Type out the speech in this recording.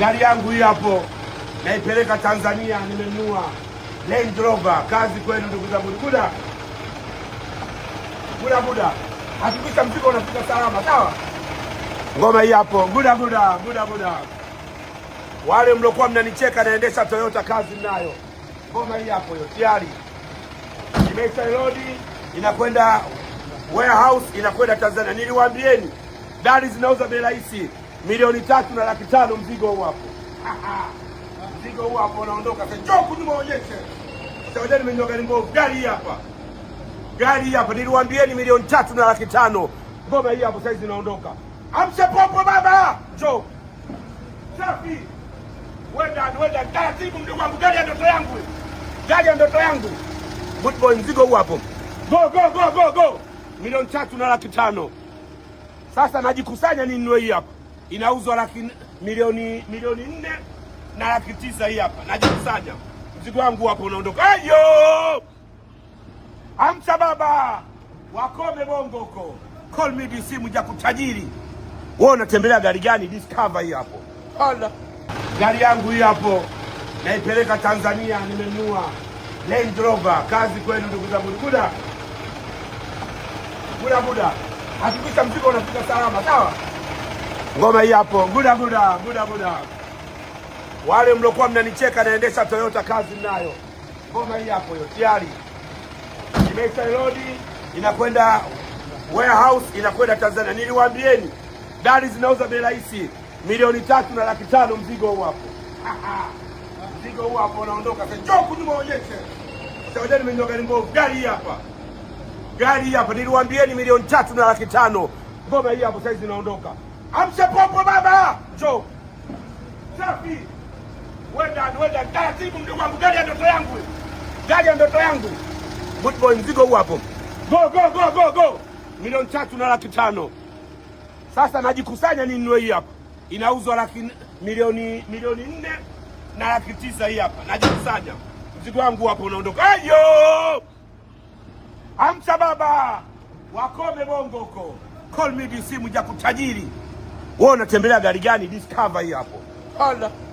Gari yangu hii hapo naipeleka Tanzania, nimenunua Land Rover. Kazi kwenu ndugu za buda buda buda, hakikisha mzigo unafika salama, sawa. Ngoma hii hapo, buda buda buda buda. Wale mliokuwa mnanicheka naendesha Toyota, kazi mnayo. Ngoma hii hapo, hiyo tayari imeisha lodi, inakwenda warehouse, inakwenda Tanzania. Niliwaambieni gari zinauza bei rahisi milioni tatu na laki tano, mzigo huu hapo, mzigo huu hapo unaondoka. sasa. Sasa Njoo kunyuma wewe nimenyoga ni mbovu, gari hii hapa, gari hii hapa, niliwaambieni milioni tatu na laki tano. Ngoma hii hapo sasa hizi inaondoka. Amsha popo baba, njoo safi, wenda wenda taratibu, mdogo wangu, gari ya ndoto yangu, gari ya ndoto yangu. Good boy, mzigo huu hapo, go go go go go, milioni tatu na laki tano. Sasa najikusanya ninunue hii hapa inauzwa laki milioni milioni nne na laki tisa. Hii hapa najikusanya mzigo wangu hapo unaondoka. ayo. Amcha baba wakome bongo huko, call me DC mja kutajiri. Wewe unatembelea gari gani? Discover hii hapo Hala. Gari yangu hii hapo naipeleka Tanzania, nimenunua Land Rover. Kazi kwenu ndugu zangu, buda buda buda, hakikisha mzigo unafika salama, sawa. Ngoma hii hapo, guda guda guda guda. Wale mliokuwa mnanicheka naendesha Toyota, kazi mnayo. Ngoma hii hapo, hiyo tayari imeisha lodi, inakwenda warehouse, inakwenda Tanzania. Niliwaambieni gari zinauza bei rahisi, milioni tatu na laki tano. Mzigo huu hapo, mzigo huu hapo unaondoka. Gari hapa, gari hapa, niliwaambieni milioni tatu na laki tano. Ngoma hii hapo, saizi inaondoka amshe popo baba, jo safi. Wenda wenda taratibu, mdogo wangu, gari ya ndoto yangu, gari ya ndoto yangu. Good boy, mzigo huu hapo, go go go go go, milioni tatu na laki tano. Sasa najikusanya ninunue hii hapa, inauzwa laki milioni milioni nne na laki tisa. Hii hapa najikusanya, mzigo wangu hapo unaondoka. Ayo, amsha baba, wakome bongo huko, call me simu ja kutajiri wewe unatembelea gari gani? Discover hii hapo. Hala.